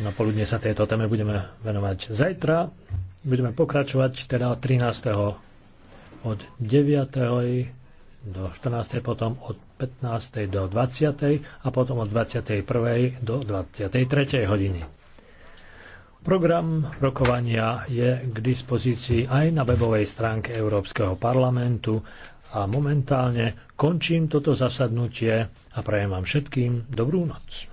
No poludne sa tejto téme budeme venovať zajtra. Budeme pokračovať teda 13. od 9 do 14. potom od 15. do 20. a potom od 21. do 23. hodiny. Program rokovania je k dispozícii aj na webovej stránke Európskeho parlamentu a momentálne končím toto zasadnutie a prajem vám všetkým dobrú noc.